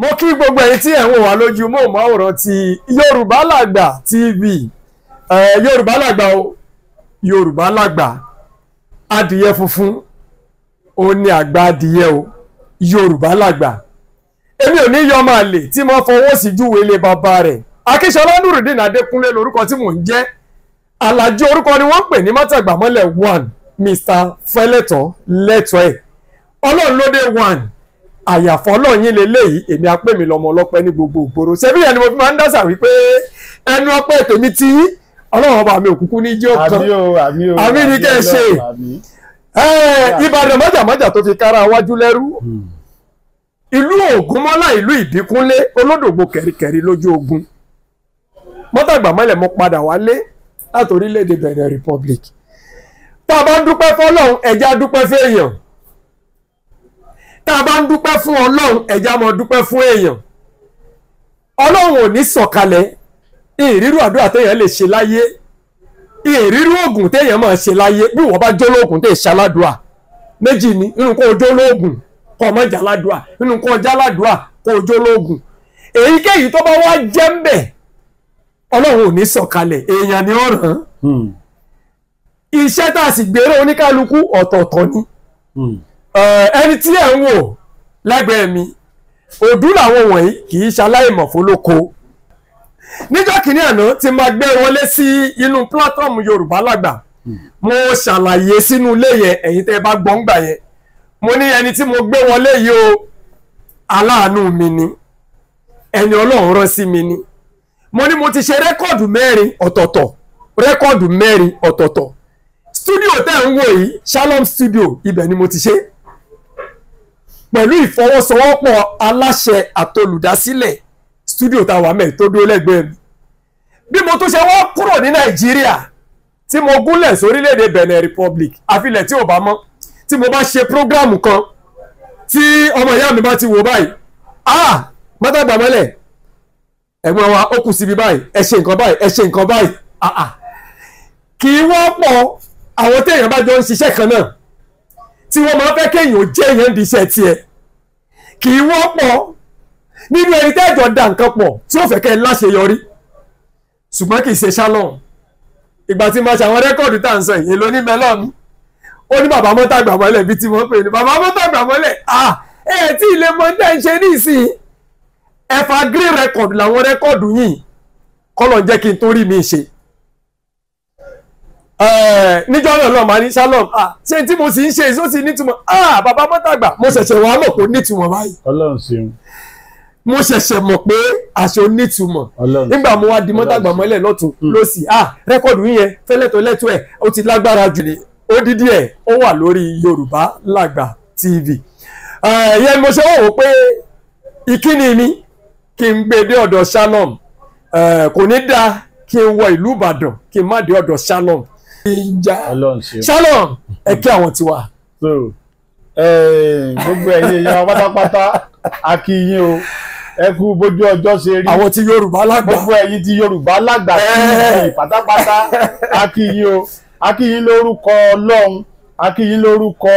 mo kí gbogbo ẹ̀yin tí ẹ̀ ń wò lójú móhùnmáwòrán ti yorùbá làgbà tv yorùbá làgbà o yorùbá làgbà adìyẹ funfun ó ní àgbà adìyẹ o yorùbá làgbà èmi ò ní yọ ọmọ àlè tí mo fọwọ́ sí júwe ilé bàbá rẹ̀ akíṣọlá nurudeen adékúnlé lórúkọ tí mò ń jẹ́ alájọ orúkọ ni wọ́n ń pè ní mọ́tàgbàmọ́lẹ̀ one mr fẹ́lẹ́tọ̀ lẹ́tọ̀ ẹ̀ ọlọ́run ló dé one àyàfọ́ náà yín leléyìí èmi apẹ́ mi lọ́mọ ọlọ́pẹ́ ní gbogbo ìgboro ṣebí yẹn ni mo fi máa ń dásà wípé ẹnu ọpẹ́ tèmi tí ọlọ́run ọba mi òkúkú ní jẹ́ ọ̀kan àmì ni kẹ́ ẹ ṣe ìbàdàn mọ́jàmọ́jà tó fi kára wájú lẹ́rú ìlú ògúnmọ́lá ìlú ìbíkúnlé olódògbò kẹ̀ríkẹ̀rí lójú ogun mọ́tàgbà mọ́lẹ̀ mo padà wálé láti orílẹ̀-èdè Benin Republic tá a bá ń dúpẹ́ fọlọ́run ẹ̀já dúpẹ́ fẹ́yàn tá a bá ń dúpẹ́ fún ọlọ́run ẹ̀já mọ̀ dúpẹ́ fún èèyàn ọlọ́run ò ní sọ̀kalẹ̀ ìrírú àdúrà téèyàn lè ṣe láyé ìrírú oògùn téèyàn máa ṣe láyé bí wọ́n bá jó lóògùn téè ṣaládùá méjì ni nínú kó o jó lóògùn kó o má jaládùá nínú kó o jaládùá kó o jó èyíkéyìí tó bá wá jẹ́ ń bẹ̀ ọlọ́run ò ní sọ̀kalẹ̀ èèyàn ni ọ̀ràn hmm. iṣẹ́ tá a sì gbèrò oníkálukú ọ̀tọ̀ọ̀tọ̀ ni. Hmm Eh, ẹni tí ẹ̀ ń wò lẹ́gbẹ̀ẹ́ mi òdú làwọn wọ̀nyí kì í ṣaláìmọ̀ fólóko níjọ́ kìíní àná tí máa gbé wọlé sí inú pílátọ́ọ̀mù Yorùbá Lágbà mo ṣàlàyé sínú ilé yẹn ẹ̀yin tẹ́ ẹ bá gbọ́n gbà yẹn mo ní ẹni tí mo gbé wọlé yìí o aláàánú mi ni ẹni Ọlọ́run rán sí mi ni mo ní mo ti ṣe rẹ́kọ̀dù mẹ́rin ọ̀tọ̀ọ̀tọ̀ rẹ́kọ̀dù mẹ́rin ọ̀tọ̀ọ̀tọ̀ studio tẹ́ ń wò yìí Shalom studio ibẹ̀ ni mo ti ṣe é pẹ̀lú ìfọwọ́sowọ́pọ̀ aláṣẹ àtolùdásílẹ̀ studio táwa mẹ́ẹ̀ tó dúró lẹ́gbẹ̀ẹ́ mi bí mo tún ṣe wọ́n kúrò ní nàìjíríà tí mo gúnlẹ̀ sórílẹ̀-èdè Benin Republic àfilẹ̀ tí ò bá mọ́ tí mo bá ṣe prógráàmù kan tí ọmọ ìyá mi bá ti wò báyìí ah mọ́tàgbà mọ́lẹ̀ ẹ̀gbọ́n wa ó kù síbi báyìí ẹ ṣe nǹkan báyìí ẹ ṣe nǹkan báyìí ah ah kì í wọ́pọ̀ àwọn téèyàn bá jọ ń ṣiṣẹ́ kan náà tí wọ́n máa fẹ́ kéèyàn jẹ́ èèyàn di iṣẹ́ tiẹ̀ kì í wọ́pọ̀ nínú ẹni tẹ́jọ́ da nǹkan pọ̀ tí ó fẹ́ kẹ́ ẹ láṣeyọrí ṣùgbọ́n kì í ṣe ṣálọ̀n ìgbà tí màá ṣàwọn rẹ́kọ̀dù tá à ń sọ ìyẹn lóní mẹ́lọ́n ó ní bàbá mọ́tà gbà mọ́lẹ̀ bíi tí wọ́n pè ní bàbá mọ́tà gbà mọ́lẹ̀ ah ẹ̀ tí ilé mọ́tà ń ṣe ní ìsìn ẹ̀fà green record làwọn rẹ́kọ̀dù yìí kọ́lọ̀ jẹ́ kí n tó rí mi ṣe Eh, níjọ́ náà lọ́ọ́ máa ní shalom ah. Ah, ṣé tí mo sì ń ṣe èso sì nítumọ̀ ah, bàbá mọ́tàgbà mo ṣẹ̀ṣẹ̀ wàá mọ̀ pé ó nítumọ̀ báyìí. ọlọ́run ṣeun. mo ṣẹ̀ṣẹ̀ mọ̀ pé aṣọ nítumọ̀ nígbà mo wá di mọ́tàgbà mọ́lẹ̀ lọ́tún hmm. lọ́sì rẹ́kọ̀dù yẹn fẹ́lẹ́tọ̀ lẹ́tọ̀ ẹ̀ ó ti lágbára jù ní odidi ẹ̀ ó wà lórí Yorùbá Lágbà TV. Eh, ìyẹn mo ṣe wò ó pé ìkíni mi kí n gbé dé ọ̀dọ̀ shalom eh, kò ní dáa kí n wọ ìlú Ìbàdàn kí n má dé ọ̀dọ̀ shalom ìjà shalom ẹ kí àwọn tiwa. Eh, gbogbo ẹ̀yin èèyàn pátápátá a kí yín o ẹ kú bójú ọjọ́ ṣe rí àwọn ti Yorùbá lágbà gbogbo ẹ̀yin ti Yorùbá lágbà kí eh. yín pátápátá a kí yín o a kí yín lórúkọ Ọlọ́run a kí yín lórúkọ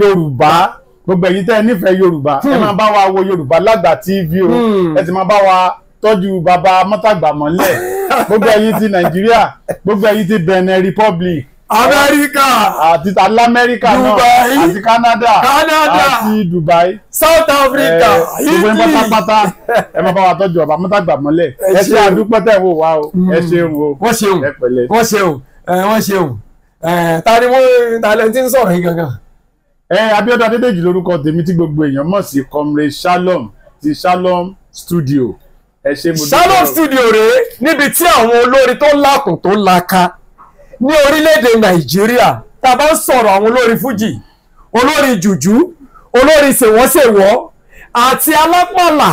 Yorùbá gbogbo ẹ̀yin tẹ́ ẹ nífẹ̀ẹ́ Yorùbá ẹ hmm. máa bá wa wo Yorùbá lágbà TV o hmm. ẹ sì máa bá wa tọ́jú bàbá mọ́tàgbà mọ́lẹ̀ gbogbo ẹ̀yin ti nàìjíríà gbogbo ẹ̀yin ti benin republic amẹ́ríkà àti alamẹ́ríkà náà àti canada canada àti dubai south africa ìwé eh, pátápátá ẹ máa bá wa tọ́jú bàbá mọ́tàgbà mọ́lẹ̀ ẹ ṣe àdúpẹ́ tẹ̀ wò wá o mm. ẹ ṣeun o wọ́n ṣeun wọ́n ṣeun wọ́n ṣeun ta ni wọ́n ta lẹ́ni tí ń sọ̀rọ̀ yìí gangan. ẹ Abíọ́dún Adédèjì lórúkọ tèmi tí gbogbo èèyàn mọ̀ sí comrade shalom ti shalom studio. Shalom studio rèé níbi tí àwọn olórin tó lákùn tó laka ní orílẹ̀-èdè Nàìjíríà tá a bá ń sọ̀rọ̀ àwọn olórin fújì olórin jùjú olórin ṣèwọ́ṣèwọ́ àti alápàlà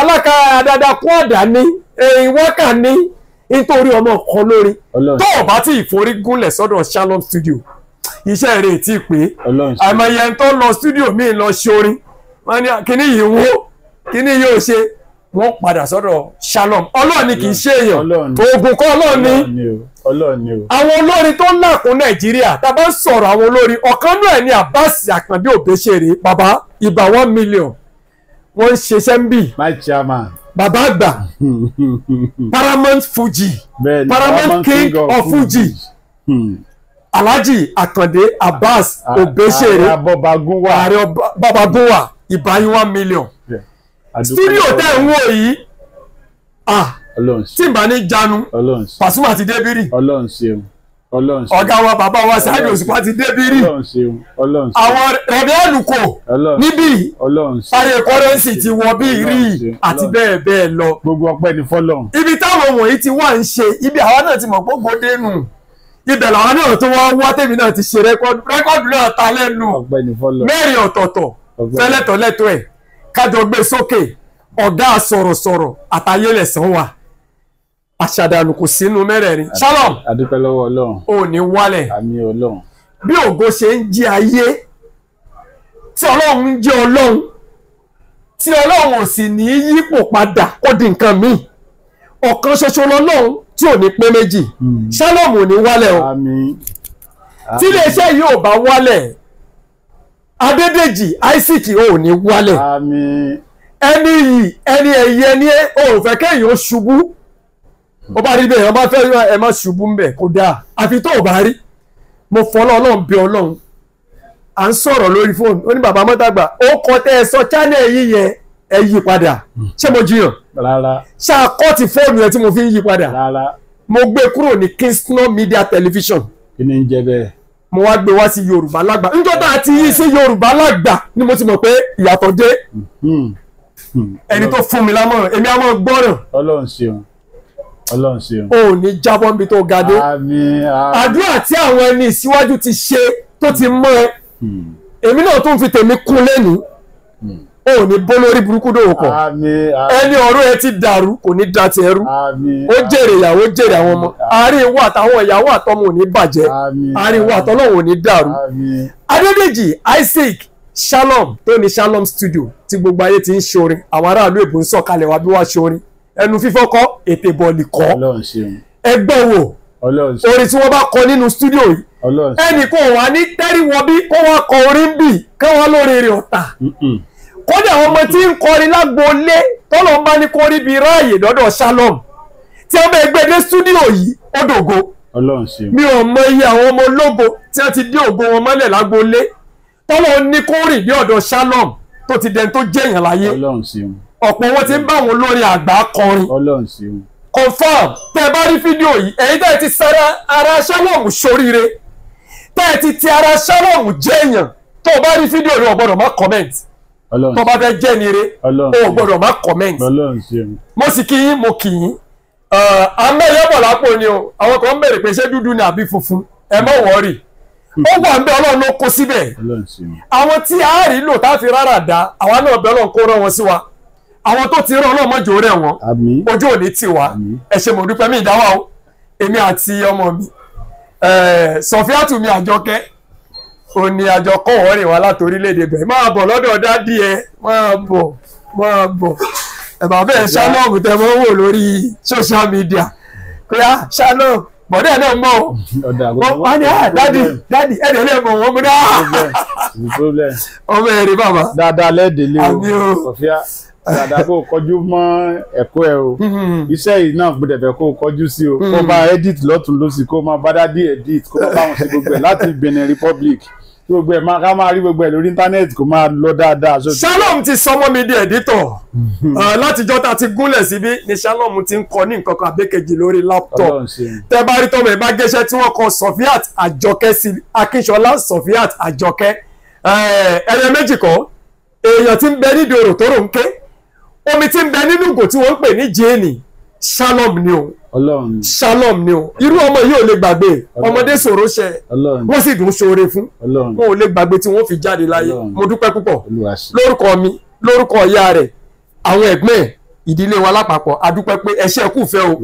aláka àdàdà kún àdá ní ìwọ́kà ní nítorí ọmọ kan lórí tó o bá ti ìforí gúnlẹ̀ sọ́dọ̀ Shalom studio iṣẹ́ rẹ̀ ti pé àmọ́ yẹn tó lọ studio míì lọ ṣorin wọ́n ní kíní yìí wó kíní yóò ṣe wọ́n padà sọ́dọ̀ shalom ọlọ́run ni kì í ṣe èèyàn oògùn kọ́ ọlọ́run ni àwọn olórin tó ń làkún nàìjíríà tá a bá ń sọ̀rọ̀ àwọn olórin ọ̀kan náà ni abbas akànbí òbẹ́sẹ̀rẹ̀ bàbá ìbà one million wọ́n ń ṣiṣẹ́ ń bì bàbá àgbà paramount fuji paramount king of fuji hmm. alhaji akande abbas òbẹ́sẹ̀rẹ̀ babagunwa ìbáyín one million. Yeah stúdíò tẹ́ ń wò yìí ah, tí n bá ní janu Pasuma ti débírì ọ̀gá wa bàbá wa Saheed Òṣùpá ti débírì àwọn rẹ̀bẹ́ẹ̀lù kò níbí parí kọ́rẹ́nsì ti wọ bí rí àti bẹ́ẹ̀ bẹ́ẹ̀ lọ. gbogbo ọpẹ́ ni fọ́lọ́run. ibi táwọn wọ̀nyí ti wá ń ṣe ibi àwa náà ti mọ̀ gbogbo dénú ibẹ̀ làwọn náà tó wọ́n wá tèmi náà ti ṣe rẹ́kọ́dù rẹ́kọ́dù náà ta lẹ́nu mẹ́rin ọ̀tọ̀ọ̀tọ̀ fẹ́lẹ́tọ̀lẹ́tọ̀ ẹ̀ kájọ gbé sókè ọ̀gá sọ̀rọ̀sọ̀rọ̀ àtayélẹ̀sán wa àṣàdànù kò sínú mẹ́rẹ̀ẹ̀rin shalom adúpẹ́ lọ́wọ́ ọlọ́run ò ní wálẹ̀ àmín ọlọ́run bí ògo ṣe ń jẹ ayé tí ọlọ́run ń jẹ ọlọ́run tí ọlọ́run ò sì ní yípo padà kó di nǹkan míì ọ̀kan ṣoṣo lọ́lọ́run tí ò ní pé méjì hmm. shalom ò ní wálẹ̀ o àmín tí iléeṣẹ́ yìí ò bá wálẹ̀ adédèjì isaac o ní wálẹ̀ ẹni yìí ẹni ẹ̀yí ẹni ò fẹ́ kéèyàn ṣubú ó bá rí bẹ́ẹ̀ ẹ fẹ́ ẹ má ṣubú ń bẹ̀ kó dáa àfi tó o bá rí mo fọlọ́ ọlọ́run bí ọlọ́run à ń sọ̀rọ̀ lórí fóònù ó ní bàbá ó kọ tẹ́ sọ channel yìí yẹn ẹ yí padà hmm. ṣé mo jiyàn ṣé àkọ́tì fóònù yẹn tí mo fi ń yí padà mo gbé kúrò ní Kingston Media Television kí mo wá gbé wá sí yorùbá lágbà níjọ́ tá a ti yí sí yorùbá lágbà ni mo ti mọ̀ pé ìyàtọ̀ dé hmm. Hmm. ẹni tó fún mi lámọ̀ràn èmi àmọ́ gbọ́ràn. ọlọ́run ṣeun ọlọ́run ṣeun. o ò ní jábọ́ níbi tó ga dé àdúrà tí àwọn ẹni ìṣíwájú ti ṣe tó ti mọ́ ẹ hmm. èmi náà tún fi tèmi kún lẹ́nu o ò ní bó burúkú dòwò ẹni ọ̀rọ̀ ẹ ti dàrú kò ní da ti ẹrú ó jèrè ìyàwó jèrè àwọn ọmọ àárín ìwọ àtàwọn ìyàwó àtọmọ ò ní bàjẹ́ àárín ìwọ àtọlọ́wọ́ ò ní dàrú Adédèjì Isaac Shalom tó ní Shalom Studio tí gbogbo ayé ti ń ṣorin àwọn aráàlú èbó ń sọ̀kalẹ̀ wá bí wàá ṣorin ẹnu fífọ́ kọ́ ètè bọ̀ọ̀lì kọ́ ẹgbẹ́ wo orin tí wọ́n bá kọ nínú stúdíò yìí ẹnì kan wà ní tẹ́rìwọ́bí kó wá kọ orin bì káwọn lórí rẹ̀ ọ̀tà kódà ọmọ tí ń kọrin lágboolé tọ́lọ́ bá ní kó rí bi ráàyè lọ́dọ̀ Shalom tí wọ́n bẹ gbé dé stúdíò yìí ó mi ò mọ iye àwọn ọmọ ológo tí wọ́n ti dé ògo wọn mọ́lẹ̀ lágboolé tọ́lọ́ ní kó rìn dé ọ̀dọ̀ Shalom tó ti dẹni tó jẹ́yàn láyé ọ̀pọ̀ wọn ti ń bá àwọn olórin àgbà kọrin confam tẹ́ ẹ bá rí fídíò yìí ẹ̀yin tẹ́ ti sara ara Shalom soríire tẹ́ ẹ ti ti ara Shalom jẹ́yàn tó o bá rí fídíò rẹ o má comment tó bá fẹ́ jẹ́ nire o gbọ́dọ̀ má comment mo sì kí yín mo kì yín à ń bẹ̀rẹ̀ bọ̀ lápò ni o àwọn kan ń bèrè pé ṣé dúdú ni àbí funfun ẹ má wọ́ọ̀rì ó wà ń bẹ ọlọ́run ló kó síbẹ̀ àwọn tí a rí lò tá a rárá dá àwa náà bẹ ọlọ́run kó rán wọn sí wa àwọn tó ti rán ọlọ́run mọ́jọ rẹ̀ wọn ojú ò ní wá ẹ ṣe mo dúpẹ́ mi ìdáwà o èmi àti ọmọ mi Sọfíàtù mi Àjọkẹ́ ó ní àjọ kọ́wọ́ rìn láti orílẹ̀-èdè bẹ̀rẹ̀ máa bọ̀ lọ́dọ̀ dádì ẹ máa bọ̀ máa bọ̀ ẹ̀bà bẹ́ẹ̀ shalom tẹ mọ́ wò lórí social media kúrẹ́ shalom náà mọ̀ ọ́ wọ́n ní ah, dádì dádì lè mọ̀ wọ́n mú náà ọmọ dàdà kó kọjú mọ́ ẹ̀kọ́ ẹ o hmm. iṣẹ́ yìí náà gbọ́dọ̀ fẹ́ kó kọjú sí o hmm. kó bá edit lọ́tún lọ́sì kó máa bá dádì edit kó máa bá wọn sí gbogbo ẹ̀ láti Benin Republic gbogbo ẹ̀ máa ká máa rí gbogbo ẹ̀ lórí íńtánẹ́ẹ̀tì kó máa lọ dáadáa. Shalom ti sọmọ mi di ẹ̀dítọ̀ hmm. eh, látijọ́ ta ti gúnlẹ̀ síbí ni Shalom ti ń kọ ní nǹkan kan àbẹ́kẹ̀jì lórí laptop tẹ́ bá rí tọ́mọ̀ ẹ̀ bá gẹ́sẹ́ tí wọ́n kọ Sofiat Àjọkẹ́ sí Akínṣọlá Sofiat Àjọkẹ́ eh, ẹ̀yẹ méjì kọ́ èèyàn ti ń bẹ nídìí òrò ń ké omi tí ń bẹ nínú ìgò tí wọ́n ń pè ní jéènì shalom ni o shalom ni o irú ọmọ yìí ò lè gbàgbé ọmọdé ṣòro ṣe wọ́n sì dùn ṣoore fún wọn ò lè gbàgbé tí wọ́n fi jáde láyé mo dúpẹ́ púpọ̀ lórúkọ mi lórúkọ ìyá rẹ̀ àwọn ẹ̀gbọ́n ẹ̀ ìdílé wa lápapọ̀ adúpẹ́ pé ẹṣẹ́ kù fẹ́ o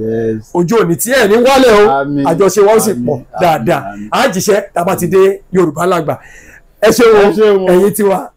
ọjọ́ òní tí ẹ̀ ní wálẹ̀ o àjọṣe wa ó sì pọ̀ dáadáa àjíṣẹ́ tá Yorùbá Lágbà ẹ ṣé o ẹ̀yin tiwa